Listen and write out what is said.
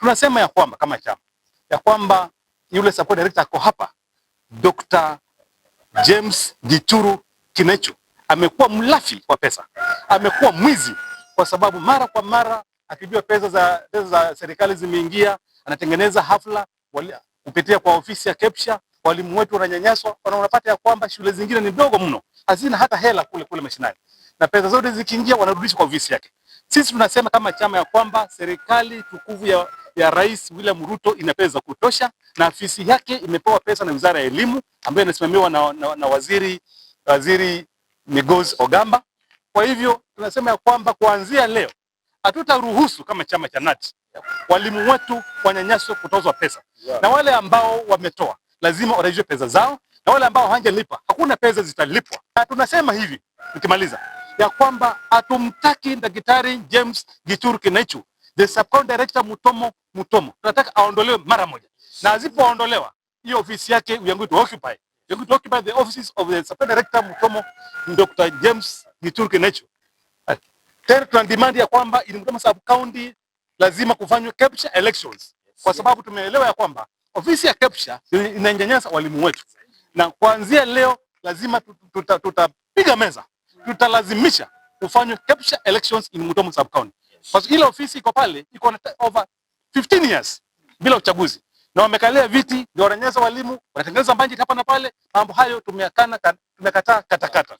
tunasema ya kwamba kama chama ya kwamba yule support director ako hapa, Dr. James Gituru Kinecho amekuwa mlafi wa pesa, amekuwa mwizi, kwa sababu mara kwa mara akijua pesa za, pesa za serikali zimeingia, anatengeneza hafla wali, kupitia kwa ofisi ya KEPSHA. Walimu wetu wananyanyaswa, wanapata ya kwamba shule zingine ni ndogo mno, hazina hata hela kule kule mashinani, na pesa zote zikiingia wanarudisha kwa ofisi yake. Sisi tunasema kama chama ya kwamba serikali tukufu ya ya Rais William Ruto ina pesa za kutosha, na afisi yake imepewa pesa na Wizara ya Elimu ambayo inasimamiwa na, na, na waziri, waziri Migos Ogamba. Kwa hivyo tunasema ya kwamba kuanzia leo hatutaruhusu kama chama cha Knut walimu wetu wanyanyaswe kutozwa pesa yeah. Na wale ambao wametoa lazima warejeshwe pesa zao, na wale ambao hawajalipa hakuna pesa zitalipwa. Na tunasema hivi nikimaliza, ya kwamba hatumtaki Daktari James Gichuru Kinechu the subcounty director Mutomo Mutomo tunataka aondolewe mara moja, na asipoondolewa hiyo ofisi yake we are going to occupy, we are going to occupy the offices of the subcounty director Mutomo Dr James Giturke Nacho. Tena tuna demand ya kwamba ili Mutomo sub lazima kufanywe capture elections, kwa sababu tumeelewa ya kwamba ofisi ya capture inanyanyasa walimu wetu, na kuanzia leo lazima tutapiga tuta, tuta meza tutalazimisha kufanywe capture elections in Mutomo sub kwa ile ofisi iko pale iko over 15 years bila uchaguzi na wamekalia viti ndio wananyaza walimu, wanatengeneza budget hapa na pale. Mambo hayo tumeyakana, tumekataa katakata.